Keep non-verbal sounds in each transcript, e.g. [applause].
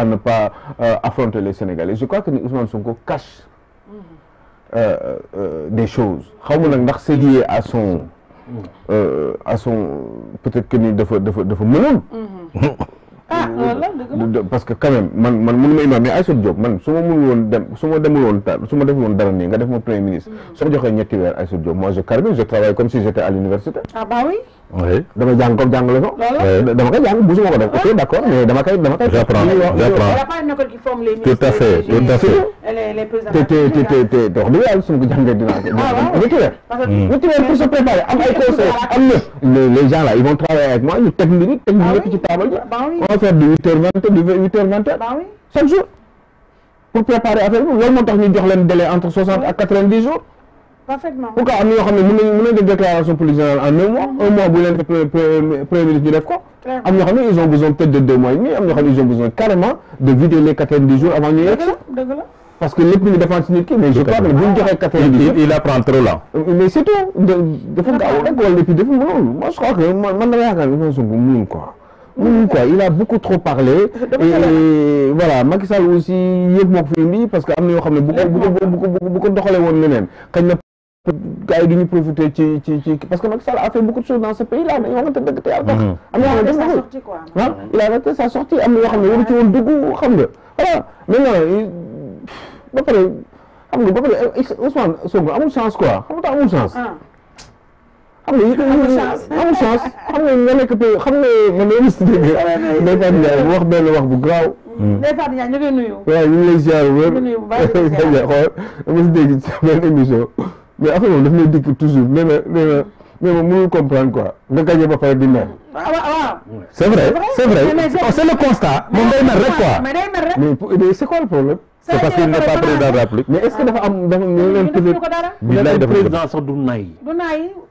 à ne pas euh, affronter les Sénégalais. Je crois que Ousmane Sonko cache euh, euh, euh des choses. c'est lié à son... Euh, à son peut-être que nous devons... Ah, voilà. parce que quand même man man mënu ma imaam mais ya, Diop man su ma mënul woon dem su ma demul woon ta su ma deful woon dara nii nga def ma premier ministre mm. soo ma joxee ñetti weer Aïssatou Diop moi je carbure je travaille comme si j'étais à l'université ah bah oui oui dama jàng comme jàngale ko eh, dama koy jàng busu ma ko def ok d'accord mais dama koy dama koy j'apprends j'apprends tout à fait tout à fait te te te te te wax dëgg yàlla su ma ko jàngee dinaa ko ah, ñetti weer mm. ñetti weer pour se préparer am ay conseils am lépp les gens là ils vont travailler avec moi ñu teg mbir ah ci table on va faire de huit de 8 h 20, Bah oui. Chaque jour. Pour préparer affaire vous loolu moo jox délai entre 60 et 90 jours. parfaitement pourquoi am a une déclaration pour mën déclaration en un mois mhm. un mois pour les def euh, premier ministre def ils ont besoin peut-être de deux mois et demi ils ont besoin carrément de vider les 90 jours avant de venir parce que les ñu defaan si mais je crois que bu jours il apprend trop là. Euh, mais c'est tout. de rek wala et puis dafa moi je crois que man man pas. quoi il a beaucoup trop parlé. et voilà Macky aussi il y mort parce que parce que a fait beaucoup de choses dans ce pays là mais on te mhm. ah, il a arrêté sa sortie quoi chance. Ah. amul chance amul chance xam nga nga nekk pays xam nga man de indi si dégg Ndeye wax benn wax bu gaaw. Ndeye Fatou Ndiaye ñu ngi nuyu. waaw ñu ngi lay ziar bu wér. ñu ngi si dégg ci benn émission. mais affaire moom daf may dikk toujours nee na nee na nee na mënul comprendre quoi nga gagné ba pare di c' est vrai c' le constat. moom day mer rek quoi mais day mer rek. mais c' est quoi le problème. c' est parce qu'il n'est pas président de la République. mais est ce que dafa am dafa ñu leen tuddee. ñu lay def président sax du nay. du nay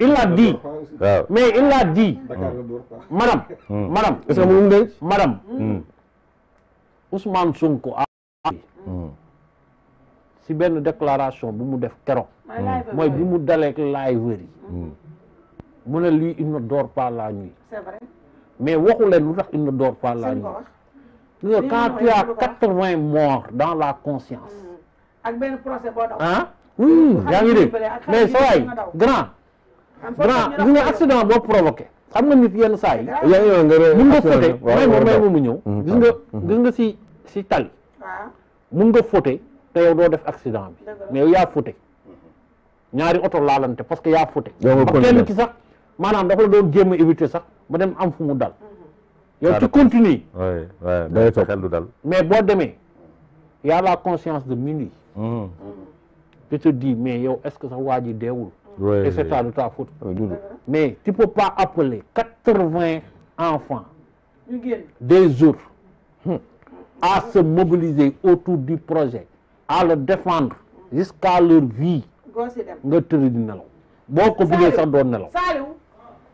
il l'a dit mais il l'a dit hmm. madame hmm. madame est-ce que a dit, madame hmm. Ousmane Sonko a si une déclaration Vous mu def keroog Moi, je mu daleek la wëri lui, il ne dort pas la nuit c'est vrai mais vous il ne dort pas la nuit quand tu as 80 80 morts dans la conscience ak ah? oui yaa ngi dit, mais c'est grand grand li nga accident boo provoqué xam nga nit yenn saay mun nga fóote may ma may mu ñëw mm-hmm. gis nga mm-hmm. nga si si tali mun nga foote te yow doo def accident bi mais yaa fóote ñaari oto laalante parce que yaa fóote parce que kenn ki sax maanaam dafa la doon jéem éviter sax ba dem am fu mu dal mm-hmm. yow ci continue day toog xel du dal mais boo demee y a la conscience de minuit je di mais yow est-ce que sax waa ji deewul Oui, et c'est ça de ta faute. Oui, Mais tu ne peux pas appeler 80 enfants des autres hmm, à se mobiliser autour du projet, à le défendre jusqu'à leur vie. nga tëri di nelaw boo ko buggee sax doon nelaw Saliou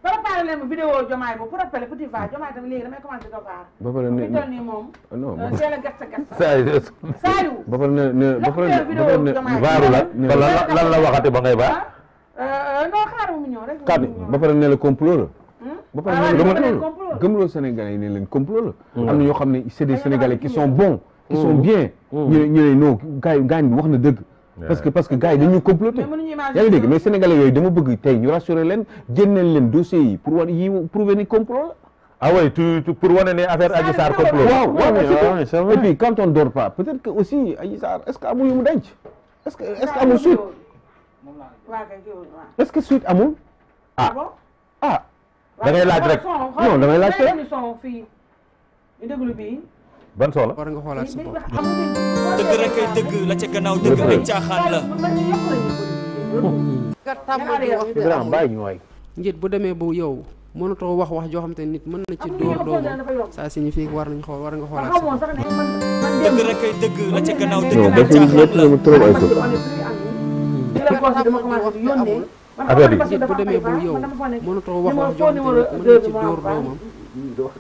préparé leen ma vidéo jomaay pour appeler, petit va jomaay tamit léegi damay commencé ko vaar ba pare ne toll nii moom ah, non euh, teel a gasta gasta [laughs] Saliou Saliou ba pare ne ne ba pare ne vaaru la lan la waxati ba ngay ba euh, non complot Sénégalais complot hmm. des Sénégalais qui sont bons. qui hmm. sont bien. Ils hmm. parce que parce que gars comploter mais sénégalais ils ont bëgg ñu rassurer ont dossiers pour prouver ni complot ah oui tu, pour prouver affaire complot et puis quand on dort pas peut-être que aussi est-ce qu'il y a est-ce est ce que suite amul. ah ah. da ngay laaj rek non da laaj rek. déglu bi. la war nga xoolaat sa bopp. dëgg rek ay dëgg la ca gannaaw dëgg ay caaxaan la. waay. njiit bu demee bu yow mënatoo wax wax joo xam te nit mën na ci dóor doomu ça signifie war nañ xool war nga xoolaat sa dëgg rek ay dëgg la ca gannaaw dëgg ay caaxaan la. commencé dama commencé yónnee affaire yi bu demee ba yow mënatoo wax wax jox ci dóor doomam